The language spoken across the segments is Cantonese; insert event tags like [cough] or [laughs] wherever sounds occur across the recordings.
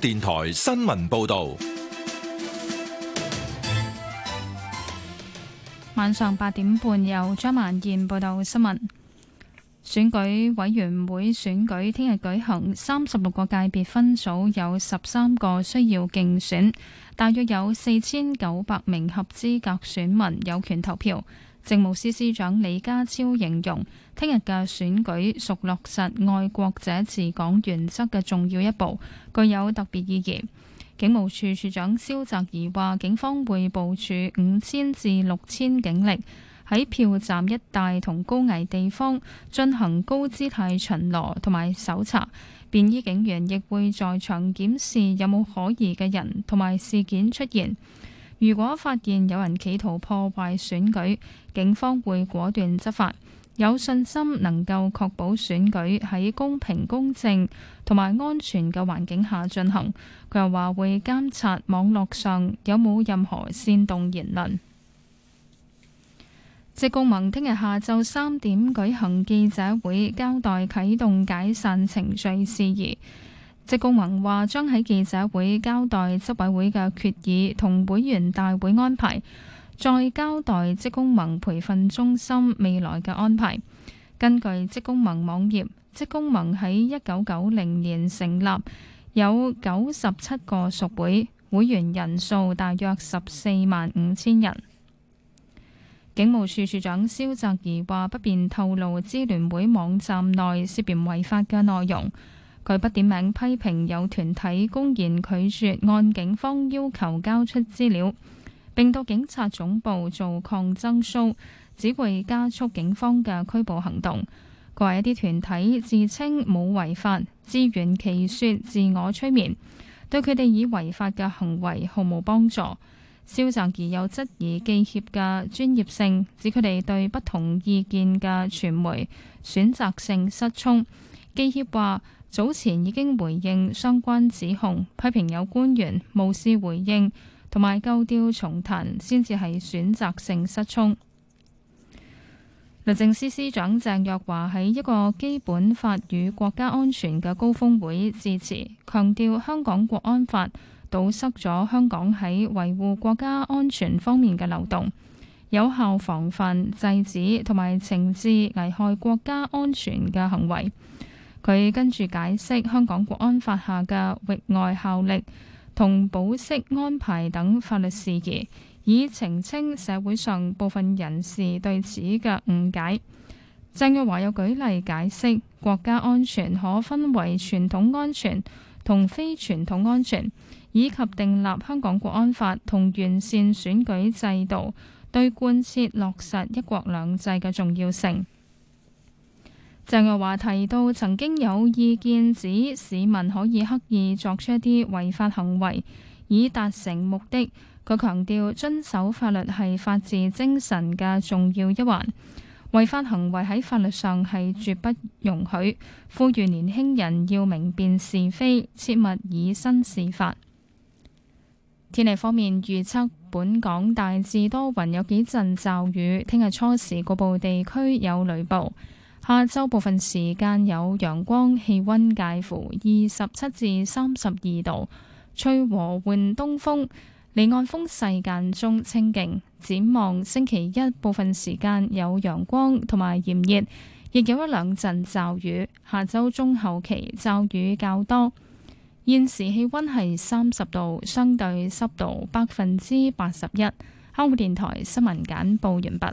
電台新聞報道：晚上八點半有，由張萬燕報道新聞。選舉委員會選舉聽日舉行，三十六個界別分組有十三個需要競選，大約有四千九百名合資格選民有權投票。政務司司長李家超形容，聽日嘅選舉屬落實愛國者治港原則嘅重要一步，具有特別意義。警務處處長蕭澤頤話，警方會部署五千至六千警力喺票站一帶同高危地方進行高姿態巡邏同埋搜查，便衣警員亦會在場檢視有冇可疑嘅人同埋事件出現。如果發現有人企圖破壞選舉，警方會果斷執法，有信心能夠確保選舉喺公平公正同埋安全嘅環境下進行。佢又話會監察網絡上有冇任何煽動言論。職工盟聽日下晝三點舉行記者會，交代啟動解散程序事宜。職工盟話將喺記者會交代執委會嘅決議同會員大會安排，再交代職工盟培訓中心未來嘅安排。根據職工盟網頁，職工盟喺一九九零年成立，有九十七個屬會，會員人數大約十四萬五千人。警務處處長蕭澤頤話不便透露支聯會網站內涉嫌違法嘅內容。佢不點名批評有團體公然拒絕按警方要求交出資料，並到警察總部做抗爭 show，只會加速警方嘅拘捕行動。佢話：一啲團體自稱冇違法，自圓其說，自我催眠，對佢哋以違法嘅行為毫無幫助。蕭澤頤有質疑記協嘅專業性，指佢哋對不同意見嘅傳媒選擇性失聰。記協話，早前已經回應相關指控，批評有官員無視回應同埋舊調重彈，先至係選擇性失聰。律政司司長鄭若驊喺一個基本法與國家安全嘅高峰會致辭，強調香港國安法堵塞咗香港喺維護國家安全方面嘅漏洞，有效防範制止同埋懲治危害國家安全嘅行為。佢跟住解釋香港國安法下嘅域外效力同保釋安排等法律事宜，以澄清社會上部分人士對此嘅誤解。鄭若驊有舉例解釋國家安全可分為傳統安全同非傳統安全，以及訂立香港國安法同完善選舉制度對貫徹落實一國兩制嘅重要性。鄭愛華提到，曾經有意見指市民可以刻意作出一啲違法行為以達成目的。佢強調，遵守法律係法治精神嘅重要一環，違法行為喺法律上係絕不容許。呼籲年輕人要明辨是非，切勿以身試法。天氣方面預測，本港大致多雲，有幾陣驟雨。聽日初時局部地區有雷暴。下周部分時間有陽光，氣温介乎二十七至三十二度，吹和緩東風。離岸風勢間中清勁。展望星期一部分時間有陽光同埋炎熱，亦有一兩陣驟雨。下周中後期驟雨較多。現時氣温係三十度，相對濕度百分之八十一。香港電台新聞簡報完畢。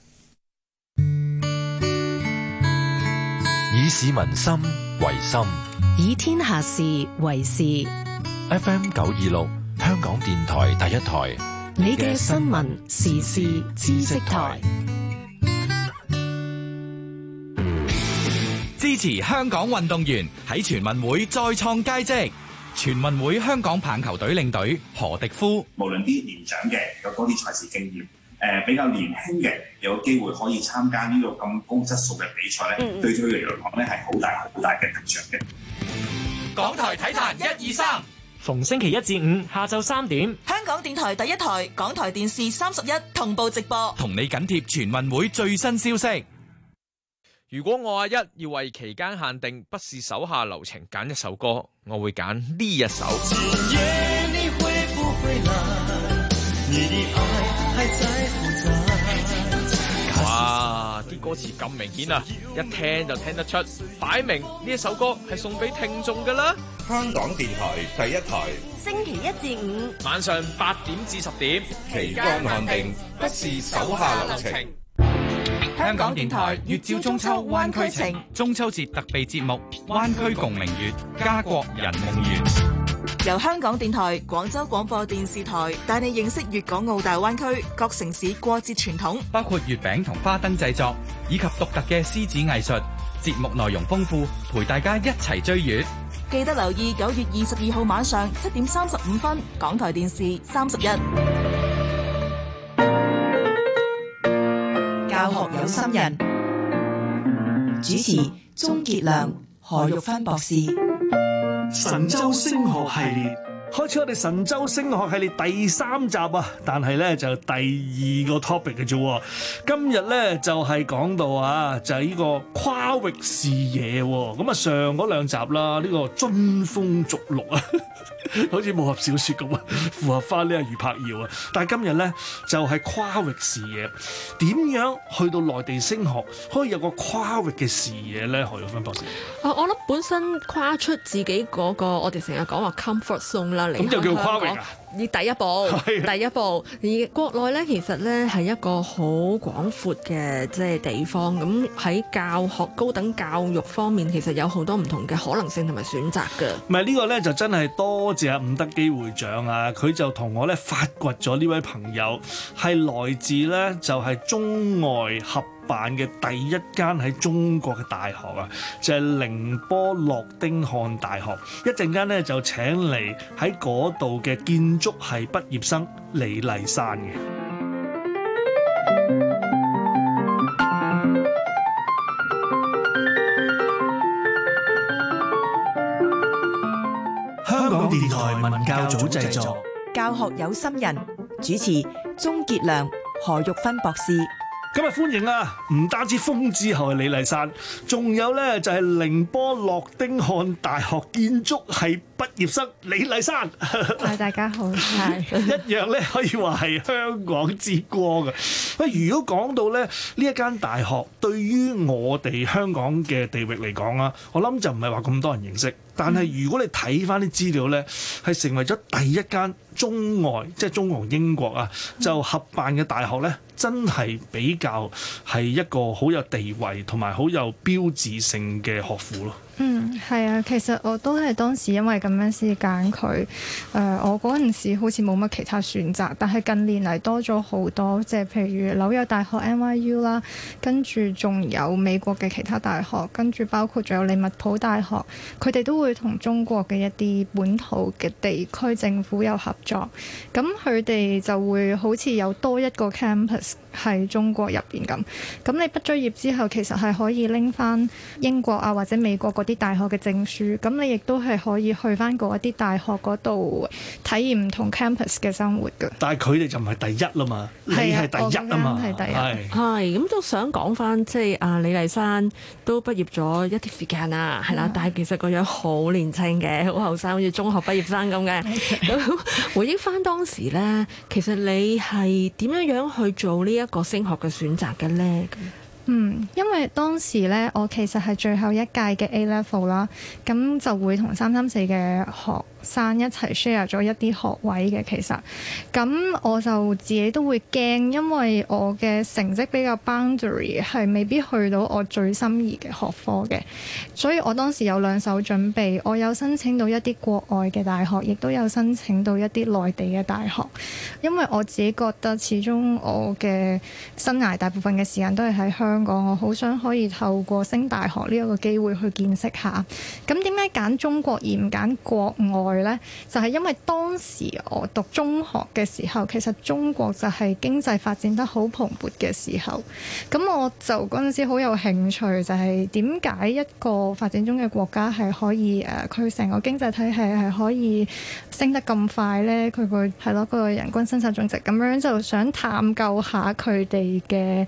以市民心為心，以天下事為事。FM 九二六，香港電台第一台，你嘅新聞時事知識台。支持香港運動員喺全運會再創佳績。全運會香港棒球隊領隊何迪夫，無論啲年長嘅有嗰啲才是經驗。誒、呃、比較年輕嘅有機會可以參加呢個咁高質素嘅比賽咧。嗯嗯，對佢嚟講咧，係好大好大嘅成長嘅。港台體壇一二三，逢星期一至五下晝三點，香港電台第一台港台電視三十一同步直播，同你緊貼全運會最新消息。如果我阿一要為期間限定不是手下留情，揀一首歌，我會揀呢一首。歌詞咁明顯呀，一聽就聽得出，擺明呢一首歌係送俾聽眾噶啦。香港電台第一台，星期一至五晚上八點至十點，期間限定，不是手下留情。香港電台月照中秋，灣區情，中秋節特備節目，灣區共明月，家國人共圓。由香港電台、廣州廣播電視台帶你認識粵港澳大灣區各城市過節傳統，包括月餅同花燈製作以及獨特嘅獅子藝術。節目內容豐富，陪大家一齊追月。記得留意九月二十二號晚上七點三十五分，港台電視三十一。教學有心人，嗯、主持鍾杰良、何玉芬博士。神州升學系列。開始我哋神洲升學系列第三集啊，但係咧就第二個 topic 嘅啫。今日咧就係、是、講到啊，就係、是、呢個跨域視野。咁、嗯、啊上嗰兩集啦，呢、這個追風逐鹿啊， [laughs] 好似武俠小說咁啊，符合翻呢個余柏耀啊。但係今日咧就係、是、跨域視野，點樣去到內地升學可以有個跨域嘅視野咧？何玉芬博士，啊、呃，我諗本身跨出自己嗰、那個，我哋成日講話 comfort zone 啦。咁就叫跨域啊！而第一步，是的 第一步，而國內咧，其實咧係一個好廣闊嘅即係地方。咁喺教學高等教育方面，其實有好多唔同嘅可能性同埋選擇嘅。唔係呢個咧，就真係多謝阿伍德基會長啊！佢就同我咧發掘咗呢位朋友係來自咧就係中外合辦嘅第一間喺中國嘅大學啊，就係寧波諾丁漢大學。一陣間咧就請嚟喺嗰度嘅建築系畢業生李麗珊嘅。香港電台文教組製作，教學有心人，主持，鍾傑良、何玉芬博士。今日歡迎啊！唔單止風之後係李麗珊，仲有呢就係寧波諾丁漢大學建築系畢業生李麗珊。 [laughs] 大家好， [laughs] 一樣呢，可以話係香港之光嘅。喂，如果講到呢呢一間大學對於我哋香港嘅地域嚟講啊，我諗就唔係話咁多人認識，但係如果你睇翻啲資料呢，係成為咗第一間。中外即係中國英國啊，就合辦嘅大學咧，真係比較係一個好有地位同埋好有標誌性嘅學府咯。嗯，係啊，其實我都係當時因為咁樣先揀佢。誒、呃、我陣時好似冇乜其他選擇，但係近年嚟多咗好多，即係譬如紐約大學 NYU 啦，跟住仲有美國嘅其他大學，跟住包括仲有利物浦大學，佢哋都會同中國嘅一啲本土嘅地區政府有合作。咁佢哋就會好似有多一個 campus 喺中國入邊咁。咁你畢咗業之後，其實係可以拎翻英國啊或者美國個。啲大學嘅證書，咁你亦都係可以去翻過一啲大學嗰度體驗唔同 campus 嘅生活噶。但係佢哋就唔係第一啦嘛，你係第一啊嘛，係第一，係，咁是是都想講翻，即係阿李麗珊都畢業咗一啲時間啦，係啦，但係其實個樣好年輕嘅，好後生，好似中學畢業生咁嘅。 [laughs] [laughs] 回憶翻當時咧，其實你係點樣樣去做呢一個升學嘅選擇嘅咧？嗯，因為當時咧，我其實係最後一屆嘅 A level 啦，噉就會同三三四嘅學生一齊 share 咗一啲學位嘅，其實咁我就自己都會驚，因為我嘅成績比較 boundary，係未必去到我最心儀嘅學科嘅，所以我當時有兩手準備，我有申請到一啲國外嘅大學，亦都有申請到一啲內地嘅大學，因為我自己覺得始終我嘅生涯大部分嘅時間都係喺香港，我好想可以透過升大學呢一個機會去見識下，咁點解揀中國而唔揀國外？咧就係因為當時我讀中學嘅時候，其實中國就係經濟發展得好蓬勃嘅時候，咁我就嗰陣時好有興趣，就係點解一個發展中嘅國家係可以誒，佢、啊、成個經濟體系係可以升得咁快咧？佢個係咯，佢個人均生產總值咁樣，就想探究下佢哋嘅。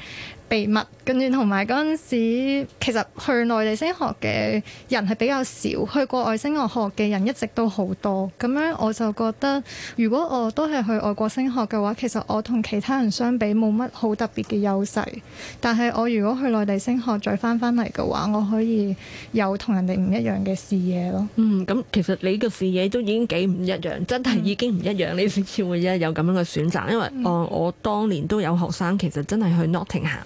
秘密，跟住同埋嗰陣時，其實去內地升學嘅人係比較少，去國外升學學嘅人一直都好多。咁樣我就覺得，如果我都係去外國升學嘅話，其實我同其他人相比冇乜好特別嘅優勢，但係我如果去內地升學再翻翻嚟嘅話，我可以有同人哋唔一樣嘅視野咯。嗯，咁其實你嘅視野都已經幾唔一樣，真係已經唔一樣，嗯、你先至會一有咁樣嘅選擇，因為哦，嗯、我當年都有學生其實真係去 Nottingham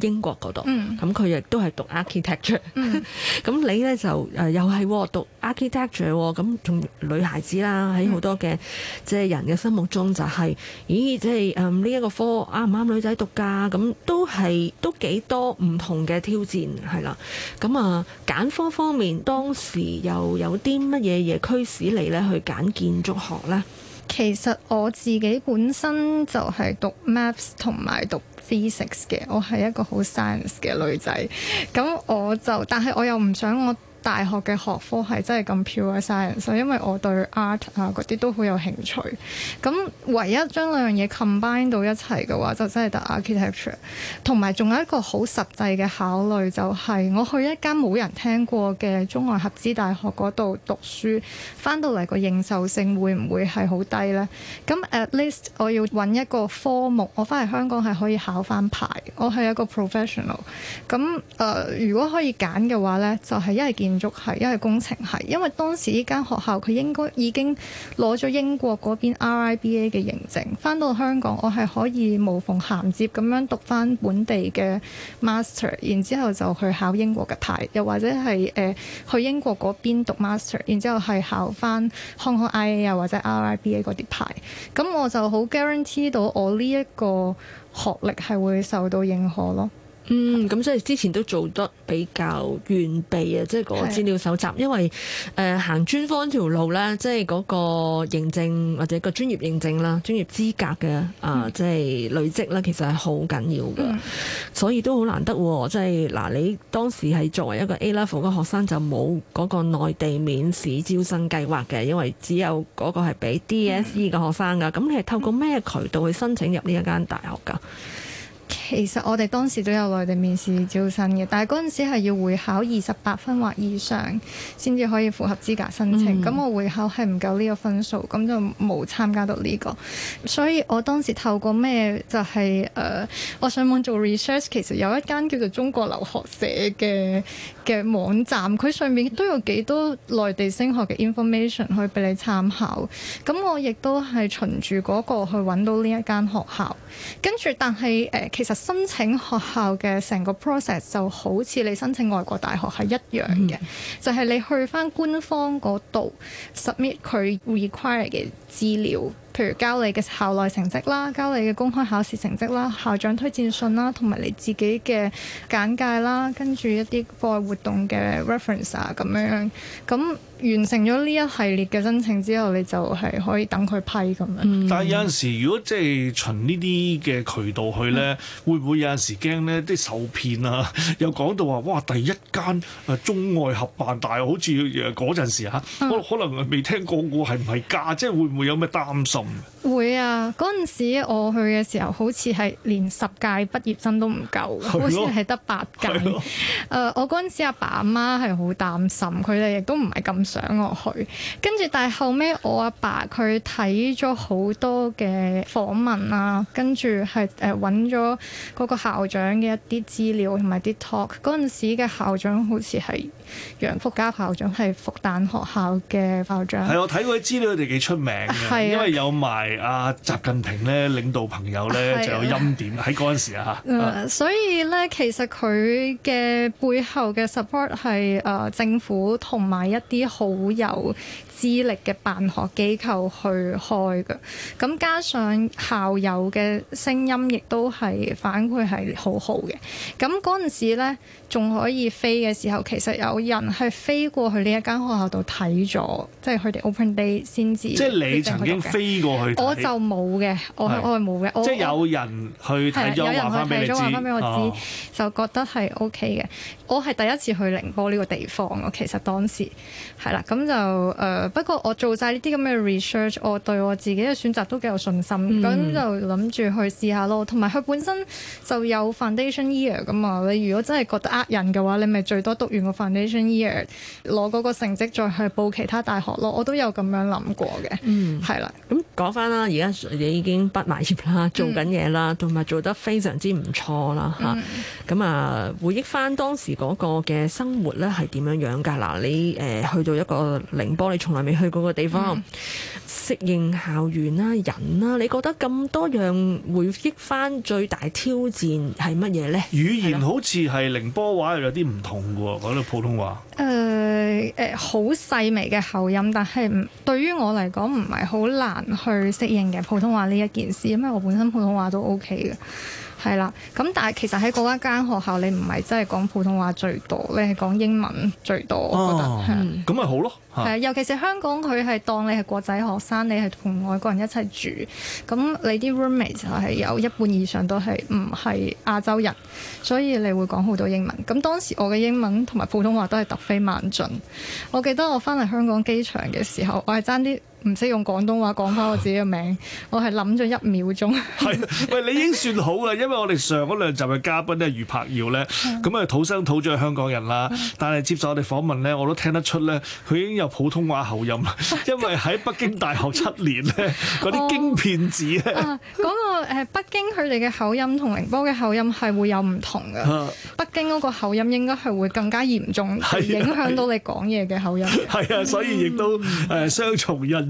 英國嗰度，咁佢亦都係讀 architecture、嗯。咁 [laughs] 你呢就誒又係讀 architecture，咁仲女孩子啦，喺好多嘅即係人嘅心目中就係、係嗯、咦，即係呢一個科啱唔啱女仔讀㗎？咁都係都幾多唔同嘅挑戰係啦。咁啊，揀科方面當時又有啲乜嘢嘢驅使你呢去揀建築學呢？其實我自己本身就係讀 maths 同埋讀，physics 嘅，我係一個好 science 嘅女仔，咁我就，但係我又唔想我。大學嘅學科係真係咁 pure science，因為我對 art 啊嗰啲都好有興趣。咁唯一將兩樣嘢 combine 到一齊嘅話，就真係得 architecture。同埋仲有一個好實際嘅考慮，就係，就係我去一間冇人聽過嘅中外合資大學嗰度讀書，翻到嚟個認受性會唔會係好低呢？咁 at least 我要揾一個科目，我翻嚟香港係可以考翻牌，我係一個 professional。咁誒、呃，如果可以揀嘅話呢，就係因為見。建築系，因為工程系，因為當時呢間學校佢應該已經攞咗英國嗰邊 RIBA 嘅認證，翻到香港我係可以無縫銜接咁樣讀翻本地嘅 master，然之後就去考英國嘅牌，又或者係誒、呃、去英國嗰邊讀 master，然之後係考翻香港 IA 啊或者 RIBA 嗰啲牌，咁我就好 guarantee 到我呢一個學歷係會受到認可咯。嗯，咁即係之前都做得比較完備啊，即係嗰個資料搜集，是的 因為誒、呃、行專科條路咧，即係嗰個認證或者個專業認證啦，專業資格嘅、嗯、啊，即、就、係、是、累積咧，其實係好緊要嘅，嗯、所以都好難得喎。即係嗱，你當時係作為一個 A level 嘅學生就冇嗰個內地免試招生計劃嘅，因為只有嗰個係俾 DSE 嘅學生㗎。咁、嗯、你係透過咩渠道去申請入呢一間大學噶？其實我哋當時都有內地面試招生嘅，但係陣時係要會考二十八分或以上先至可以符合資格申請，咁、嗯、我會考係唔夠呢個分數，咁就冇參加到呢、這個，所以我當時透過咩就係、是、誒、呃、我上網做 research，其實有一間叫做中國留學社嘅嘅網站，佢上面都有幾多內地升學嘅 information 可以俾你參考。咁我亦都係循住個去揾到呢一間學校，跟住但係誒、呃、其實。申請學校嘅成個 process 就好似你申請外國大學係一樣嘅，嗯、就係你去翻官方嗰度 submit 佢 require 嘅資料。譬如交你嘅校內成績啦，交你嘅公開考試成績啦，校長推薦信啦，同埋你自己嘅簡介啦，跟住一啲課外活動嘅 reference 啊，咁樣咁完成咗呢一系列嘅申請之後，你就係可以等佢批咁樣。但係有陣時，如果即係、就是、循呢啲嘅渠道去咧，嗯、會唔會有陣時驚咧即係受騙啊？又講到話哇，第一間誒中外合辦大學好似誒嗰陣時嚇、嗯，可可能未聽講過係唔係假？即係會唔會有咩擔心？會啊！嗰陣時我去嘅時候，好似係連十屆畢業生都唔夠，的好似係得八屆。誒的、呃，我嗰陣時阿爸阿媽係好擔心，佢哋亦都唔係咁想我去。跟住，但係後尾我阿爸佢睇咗好多嘅訪問啊，跟住係誒搵咗嗰個校長嘅一啲資料同埋啲 talk。嗰陣時嘅校長好似係楊福家校，校長，係復旦學校嘅校長。係我睇過啲資料，佢哋幾出名嘅，因為有。同埋阿習近平咧領導朋友咧就有欽點喺嗰陣時啊，所以咧其實佢嘅背後嘅 support 係誒政府同埋一啲好友。資力嘅辦學機構去開嘅，咁加上校友嘅聲音，亦都係反饋係好好嘅。咁嗰陣時咧，仲可以飛嘅時候，其實有人係飛過去呢一間學校度睇咗，即係佢哋 open day 先至知即係你曾經飛過去我，我就冇嘅，是我係我係冇嘅。即係有人去睇咗我我，有人去睇咗，話翻俾我知，哦、就覺得係 OK 嘅。我係第一次去寧波呢個地方咯，其實當時係啦，咁就誒。嗯不過我做晒呢啲咁嘅 research，我對我自己嘅選擇都幾有信心，咁、嗯、就諗住去試下咯。同埋佢本身就有 foundation year 嘅嘛，你如果你真係覺得呃人嘅話，你咪最多讀完個 foundation year，攞嗰個成績再去報其他大學咯。我都有咁樣諗過嘅。嗯，係啦的。咁講翻啦，而家你已經畢埋業啦，做緊嘢啦，同埋、嗯、做得非常之唔錯啦嚇。咁、嗯、啊，回憶翻當時嗰個嘅生活咧係點樣樣㗎？嗱，你誒、呃、去到一個寧波，你從來未去過個地方，適、嗯、應校園啦、啊、人啦、啊，你覺得咁多樣回憶翻最大挑戰係乜嘢呢？語言好似係寧波話又有啲唔同嘅講到普通話。誒誒、呃、好、呃、細微嘅口音，但係唔對於我嚟講唔係好難去適應嘅普通話呢一件事，因為我本身普通話都 OK 嘅。係啦，咁但係其實喺嗰一間學校，你唔係真係講普通話最多，你係講英文最多，啊、我覺得係。咁咪、嗯、好咯。係啊，尤其是香港，佢係當你係國際學生，你係同外國人一齊住，咁你啲 roommate 就係有一半以上都係唔係亞洲人，所以你會講好多英文。咁當時我嘅英文同埋普通話都係突飛猛進。我記得我翻嚟香港機場嘅時候，我係爭啲，唔識用廣東話講翻我自己嘅名，我係諗咗一秒鐘。係，喂，你已經算好啦，因為我哋上嗰兩集嘅嘉賓咧，余柏耀咧，咁啊土生土長香港人啦，但係接受我哋訪問咧，我都聽得出咧，佢已經有普通話口音，因為喺北京大學七年咧，嗰啲京片子咧。嗰個誒北京佢哋嘅口音同寧波嘅口音係會有唔同嘅，北京嗰個口音應該係會更加嚴重，影響到你講嘢嘅口音。係啊，所以亦都誒雙重印。嗯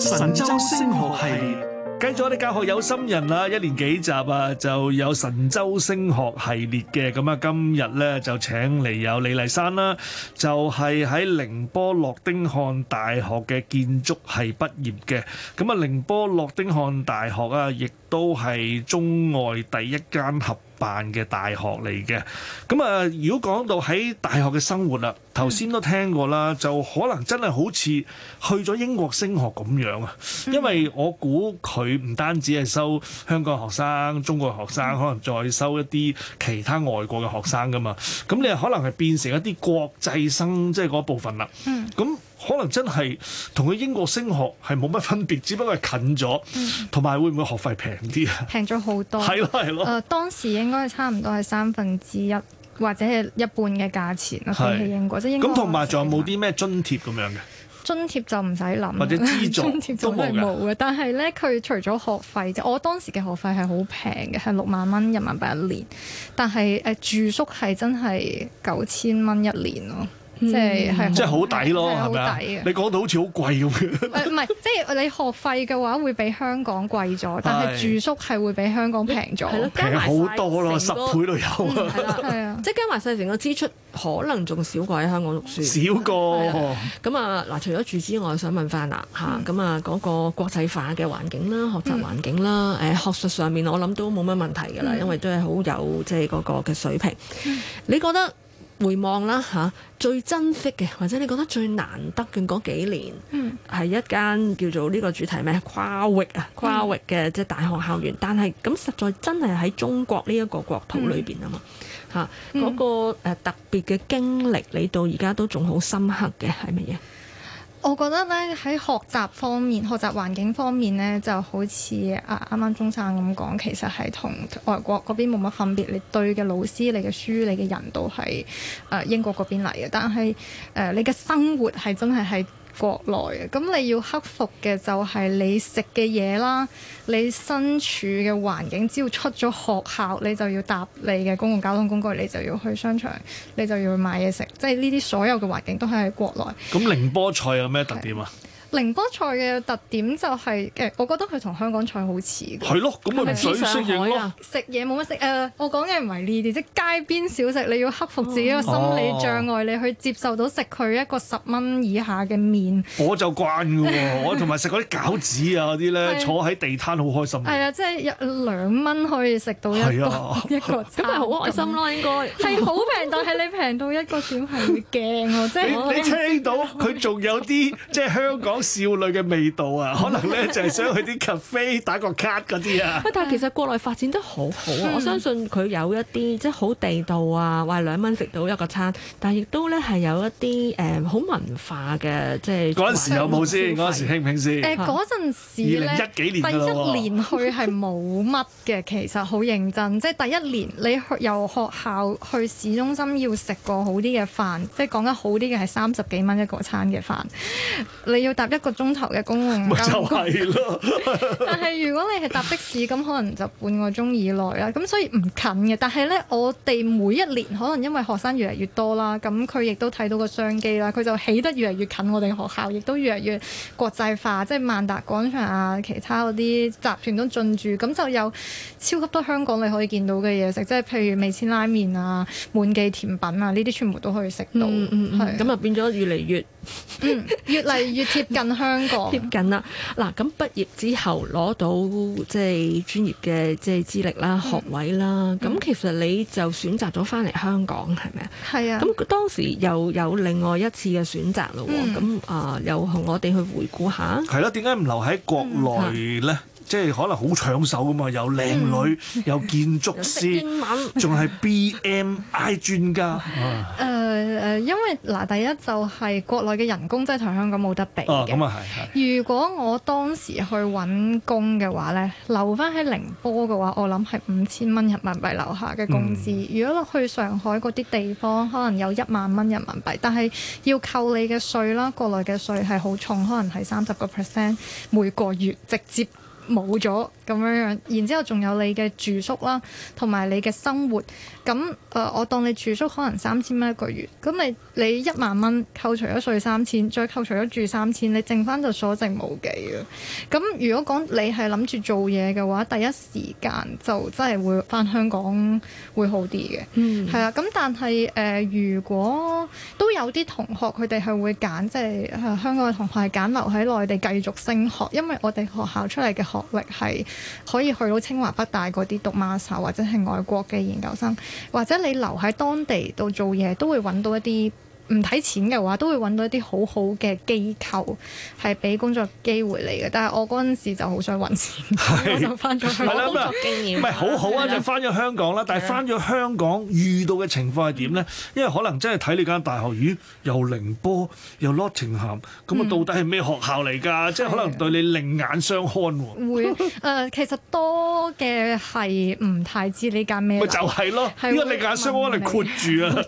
神洲升學系列，跟住我哋教學有心人啦，一年幾集啊，就有神洲升學系列嘅，咁啊今日咧就請嚟有李麗珊啦，就係喺寧波諾丁漢大學嘅建築系畢業嘅，咁啊寧波諾丁漢大學啊，亦都係中外第一間合辦嘅大學嚟嘅，咁啊，如果講到喺大學嘅生活啦，頭先都聽過啦，就可能真係好似去咗英國升學咁樣啊，因為我估佢唔單止係收香港學生、中國學生，可能再收一啲其他外國嘅學生㗎嘛，咁你可能係變成一啲國際生，即係嗰部分啦，咁、嗯。可能真係同佢英國升學係冇乜分別，只不過係近咗，同埋會唔會學費平啲啊？平咗好多，係咯係咯。誒，當時應該係差唔多係三分之一或者係一半嘅價錢咯，是比起英國即係是英國咁。同埋仲有冇啲咩津貼咁樣嘅？津貼就唔使諗，或者資助都冇嘅。但係咧，佢除咗學費啫，我當時嘅學費係好平嘅，係六萬蚊人民幣一年，但係誒住宿係真係九千蚊一年咯。即係係，即係好抵咯，係咪啊？你講到好似好貴咁。唔係，即係你學費嘅話會比香港貴咗，但係住宿係會比香港平咗。平好多咯，十倍都有。係啊，即係加埋曬成個支出，可能仲少過喺香港讀書。少過。咁啊嗱，除咗住之外，我想問翻嗱嚇，咁啊嗰個國際化嘅環境啦，學習環境啦，誒學術上面我諗都冇乜問題㗎啦，因為都係好有即係嗰個嘅水平。你覺得？回望啦嚇，最珍惜嘅或者你覺得最難得嘅嗰幾年，係、嗯、一間叫做呢個主題咩跨域啊跨域嘅即係大學校園，嗯、但係咁實在真係喺中國呢一個國土裏邊啊嘛嚇，嗰、嗯個特別嘅經歷，你到而家都仲好深刻嘅係乜嘢？我覺得咧喺學習方面、學習環境方面咧，就好似啊啱啱鐘生咁講，其實係同外國嗰邊冇乜分別。你對嘅老師、你嘅書、你嘅人都係誒、呃、英國嗰邊嚟嘅，但係誒、呃、你嘅生活係真係係國內嘅，咁你要克服嘅就係你食嘅嘢啦，你身處嘅環境，只要出咗學校，你就要搭你嘅公共交通工具，你就要去商場，你就要去買嘢食，即係呢啲所有嘅環境都係喺國內。咁寧波菜有咩特點啊？寧波菜嘅特點就係誒，我覺得佢同香港菜好似嘅。係咯，咁咪水適應咯。食嘢冇乜食誒，我講嘅唔係呢啲，即係街邊小食。你要克服自己個心理障礙，你去接受到食佢一個十蚊以下嘅麵。我就慣㗎喎，我同埋食嗰啲餃子啊嗰啲咧，坐喺地攤好開心。係啊，即係一兩蚊可以食到一個一個，咁係好開心咯，應該係好平，但係你平到一個點係會驚喎，即係你聽到佢仲有啲即係香港。少女嘅味道啊，可能咧就係、是、想去啲 cafe 打個卡嗰啲啊。喂，但係其實國內發展得好好，啊，嗯、我相信佢有一啲即係好地道啊，話兩蚊食到一個餐，但係亦都咧係有一啲誒好文化嘅，即係嗰陣時有冇先？嗰陣時興興唔興先？誒嗰陣時咧，一幾年、啊、第一年去係冇乜嘅，其實好認真，即係第一年你去由學校去市中心要食個好啲嘅飯，即係講得好啲嘅係三十幾蚊一個餐嘅飯，你要搭，一個鐘頭嘅公共交通，就是 [laughs] 但係如果你係搭的士，咁可能就半個鐘以內啦。咁所以唔近嘅。但係呢，我哋每一年可能因為學生越嚟越多啦，咁佢亦都睇到個商機啦。佢就起得越嚟越近我哋學校，亦都越嚟越國際化，即係萬達廣場啊，其他嗰啲集團都進駐，咁就有超級多香港你可以見到嘅嘢食，即係譬如味千拉麵啊、滿記甜品啊，呢啲全部都可以食到。咁就變咗越嚟越。嗯，越嚟越貼近香港，貼近啦。嗱，咁畢業之後攞到即係專業嘅即係資歷啦、學位啦，咁、嗯、其實你就選擇咗翻嚟香港係咪啊？係啊。咁當時又有另外一次嘅選擇咯。咁、嗯、啊，又同我哋去回顧下。係咯，點解唔留喺國內咧？嗯即係可能好搶手噶嘛，有靚女，嗯、有建築師，仲係 [laughs] B M I 專家。誒誒、 [laughs] 呃，因為嗱，第一就係、是、國內嘅人工真係同香港冇得比咁啊係。如果我當時去揾工嘅話咧，留翻喺寧波嘅話，我諗係五千蚊人民幣留下嘅工資。嗯、如果落去上海嗰啲地方，可能有一萬蚊人民幣，但係要扣你嘅稅啦，國內嘅稅係好重，可能係三十個 percent，每個月直接。冇咗咁樣樣，然之後仲有你嘅住宿啦，同埋你嘅生活。咁誒、呃，我當你住宿可能三千蚊一個月，咁你你一萬蚊扣除咗稅三千，再扣除咗住三千，你剩翻就所剩無幾啊！咁如果講你係諗住做嘢嘅話，第一時間就真係會翻香港會好啲嘅。嗯，係啊。咁但係誒、呃，如果都有啲同學佢哋係會揀，即係香港嘅同學係揀留喺內地繼續升學，因為我哋學校出嚟嘅學學歷係可以去到清華北大嗰啲讀 master 或者係外國嘅研究生，或者你留喺當地度做嘢，都會揾到一啲。唔睇錢嘅話，都會揾到一啲好好嘅機構，係俾工作機會你嘅。但係我嗰陣時就好想揾錢，我就翻咗去工作經驗。唔係好好啊，就翻咗香港啦。但係翻咗香港遇到嘅情況係點咧？因為可能真係睇你間大學，咦？由寧波由諾丁漢咁啊，到底係咩學校嚟㗎？即係可能對你另眼相看喎。會誒，其實多嘅係唔太知你間咩。咪就係咯，因為另眼相看嚟括住啊，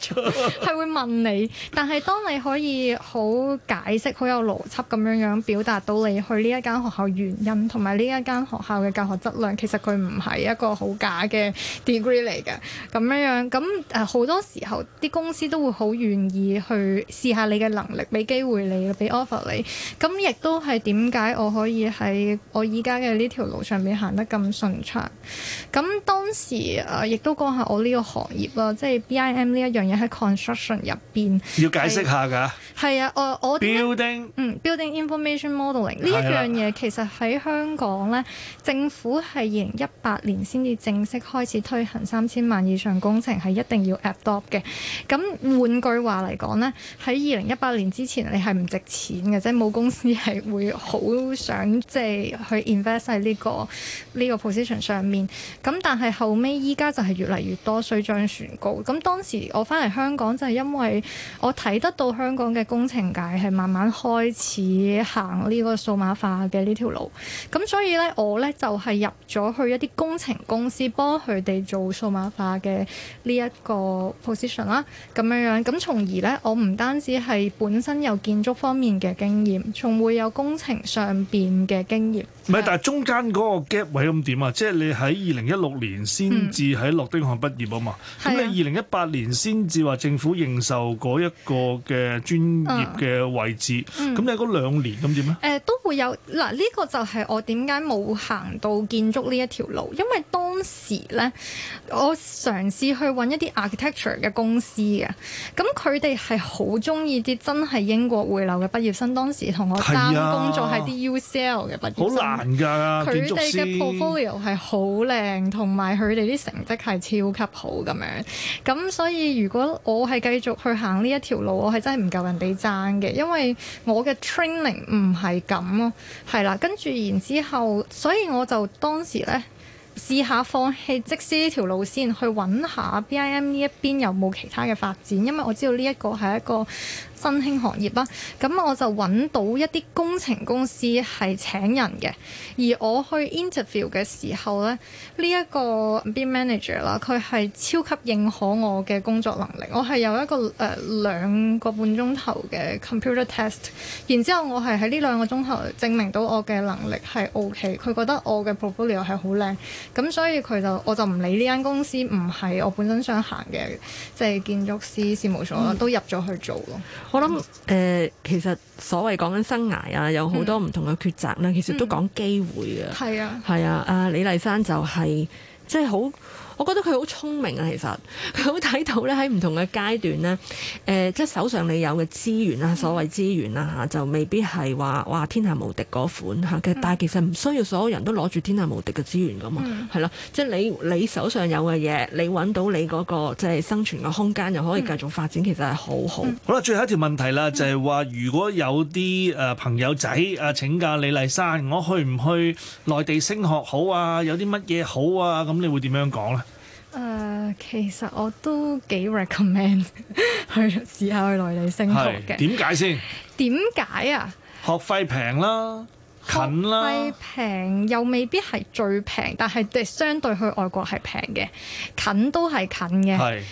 係會問你。但係，當你可以好解釋、好有邏輯咁樣樣表達到你去呢一間學校原因，同埋呢一間學校嘅教學質量，其實佢唔係一個好假嘅 degree 嚟嘅咁樣樣。咁誒好多時候，啲公司都會好願意去試下你嘅能力，俾機會你，俾 offer 你。咁亦都係點解我可以喺我依家嘅呢條路上面行得咁順暢。咁當時誒，亦、呃、都講下我呢個行業啦，即係 BIM 呢一樣嘢喺 construction 入邊。要解釋下㗎，係啊，我我 building 嗯，building information modeling 呢一樣嘢其實喺香港咧，政府係二零一八年先至正式開始推行，三千萬以上工程係一定要 adopt 嘅。咁換句話嚟講咧，喺二零一八年之前，你係唔值錢嘅，即係冇公司係會好想即係去 invest 喺呢個呢個 position 上面。咁但係後尾，依家就係越嚟越多，水漲船高。咁當時我翻嚟香港就係因為。我睇得到香港嘅工程界係慢慢開始行呢個數碼化嘅呢條路，咁所以咧，我咧就係、是、入咗去一啲工程公司幫佢哋做數碼化嘅呢一個 position 啦，咁樣樣，咁從而咧，我唔單止係本身有建築方面嘅經驗，仲會有工程上邊嘅經驗，唔係是，但係中間嗰個 gap 位咁點啊？即係你喺二零一六年先至喺諾丁漢畢業啊嘛，咁、嗯、你二零一八年先至話政府認受嗰、那、一、個個嘅專業嘅位置，咁、嗯、你嗰兩年咁點咩？誒、呃、都會有嗱，呢、呢個就係我點解冇行到建築呢一條路，因為當時咧，我嘗試去揾一啲 architecture 嘅公司嘅，咁佢哋係好中意啲真係英國回流嘅畢業生。當時同我爭工作係啲 UCL 嘅畢業生，好、啊、難㗎、啊，建築師。佢哋嘅 portfolio 係好靚，同埋佢哋啲成績係超級好咁樣。咁所以如果我係繼續去行呢一條路我係真係唔夠人哋爭嘅，因為我嘅 training 唔係咁咯，係啦。跟住然之後，後，所以我就當時咧試下放棄即師呢條路先，去揾下 BIM 呢一邊有冇其他嘅發展，因為我知道呢一個係一個。新興行業啦，咁我就揾到一啲工程公司係請人嘅，而我去 interview 嘅時候呢，呢、這、一個 bid manager 啦，佢係超級認可我嘅工作能力。我係有一個誒兩、呃、個半鐘頭嘅 computer test，然之後我係喺呢兩個鐘頭證明到我嘅能力係 O K，佢覺得我嘅 portfolio 係好靚，咁所以佢就我就唔理呢間公司唔係我本身想行嘅，即係建築師事務所啦，都入咗去做咯。嗯我諗誒、呃，其實所謂講緊生涯啊，有好多唔同嘅抉擇呢、嗯、其實都講機會嘅。係、嗯、啊，係啊，阿李麗珊就係、是、即係好。我覺得佢好聰明啊，其實佢好睇到咧，喺唔同嘅階段咧，誒、呃，即係手上你有嘅資源啦，嗯、所謂資源啦吓，就未必係話話天下無敵嗰款吓、嗯、但係其實唔需要所有人都攞住天下無敵嘅資源噶嘛，係咯、嗯，即係你你手上有嘅嘢，你搵到你嗰個即係生存嘅空間，又可以繼續發展，嗯、其實係好好。好啦、嗯，最後一條問題啦，嗯、就係話如果有啲誒朋友仔啊，請教李麗珊，我去唔去內地升學好啊？有啲乜嘢好啊？咁你會點樣講咧？誒，uh, 其實我都幾 recommend 去試下去內地升學嘅。點解先？點解啊？學費平啦，近啦。平又未必係最平，但係對相對去外國係平嘅，近都係近嘅。係，誒，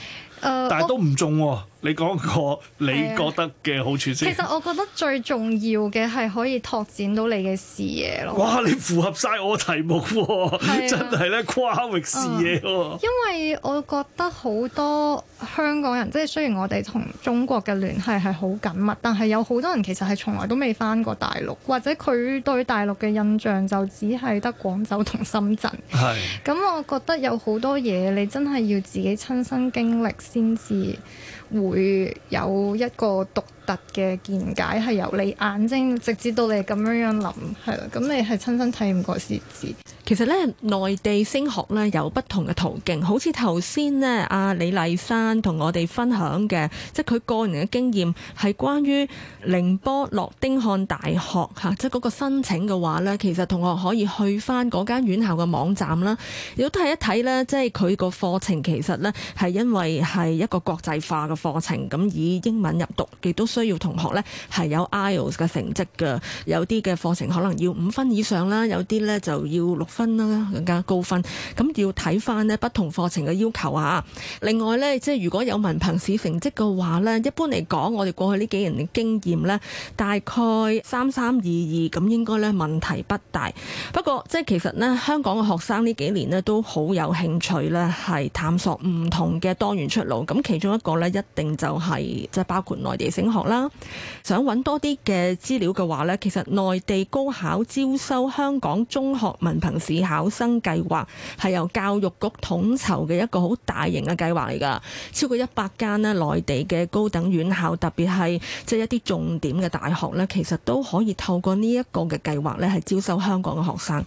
但係都唔中喎、啊。Uh, 你講個你覺得嘅好處先，嗯。其實我覺得最重要嘅係可以拓展到你嘅視野咯。哇！你符合晒我題目喎，哦， [laughs] 啊，真係咧跨域視野喎，哦嗯。因為我覺得好多香港人，即係雖然我哋同中國嘅聯繫係好緊密，但係有好多人其實係從來都未返過大陸，或者佢對大陸嘅印象就只係得廣州同深圳。係咁是，我覺得有好多嘢你真係要自己親身經歷先至會有一個讀。嘅見解係由你眼睛直接到你咁樣樣諗，係啦，咁你係親身體驗過先知。其實咧，內地升學咧有不同嘅途徑，好似頭先咧，阿李麗珊同我哋分享嘅，即係佢個人嘅經驗，係關於寧波諾丁漢大學吓，即係嗰個申請嘅話咧，其實同學可以去翻嗰間院校嘅網站啦，亦都睇一睇咧，即係佢個課程其實咧係因為係一個國際化嘅課程，咁以英文入讀亦都需。需要同學咧係有 IELTS 嘅成績嘅，有啲嘅課程可能要五分以上啦，有啲咧就要六分啦，更加高分。咁要睇翻咧不同課程嘅要求啊。另外咧，即係如果有文憑試成績嘅話咧，一般嚟講我哋過去呢幾年嘅經驗咧，大概三三二二，咁應該咧問題不大。不過即係其實咧，香港嘅學生呢幾年咧都好有興趣咧，係探索唔同嘅多元出路。咁其中一個咧一定就係即係包括內地升學。啦，想揾多啲嘅資料嘅話咧，其實內地高考招收香港中學文憑試考生計劃係由教育局統籌嘅一個好大型嘅計劃嚟噶，超過一百間咧內地嘅高等院校，特別係即係一啲重點嘅大學咧，其實都可以透過呢一個嘅計劃咧，係招收香港嘅學生。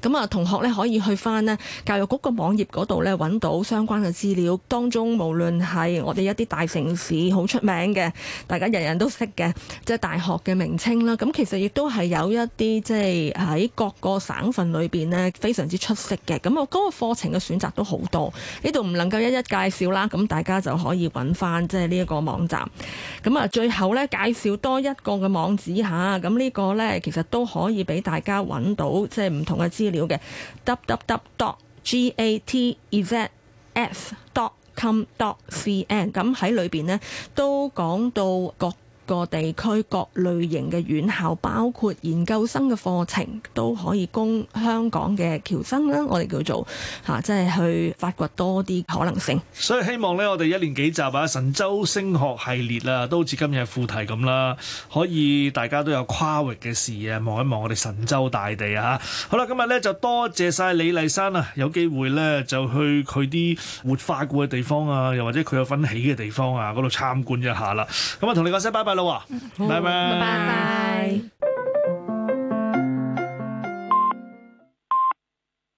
咁啊，同學咧可以去翻咧教育局個網頁度咧揾到相關嘅資料，當中無論係我哋一啲大城市好出名嘅，大家。人人都識嘅，即係大學嘅名稱啦。咁其實亦都係有一啲，即係喺各個省份裏邊呢，非常之出色嘅。咁我嗰個課程嘅選擇都好多，呢度唔能夠一一介紹啦。咁大家就可以揾翻即係呢一個網站。咁啊，最後呢，介紹多一個嘅網址嚇。咁呢個呢，其實都可以俾大家揾到即係唔同嘅資料嘅。w w w g a t e s dot com.dot.cn 咁喺裏邊呢，都講到各各地區各類型嘅院校，包括研究生嘅課程，都可以供香港嘅僑生啦。我哋叫做嚇，即、啊、係、就是、去發掘多啲可能性。所以希望呢，我哋一連幾集啊，《神洲升學系列》啊，都好似今日副題咁啦，可以大家都有跨域嘅視野啊，望一望我哋神州大地啊！嚇，好啦，今日呢，就多謝晒李麗珊啊！有機會呢，就去佢啲活化過嘅地方啊，又或者佢有份起嘅地方啊，嗰度參觀一下啦。咁啊，同你講聲拜拜。咯喎，拜拜拜拜。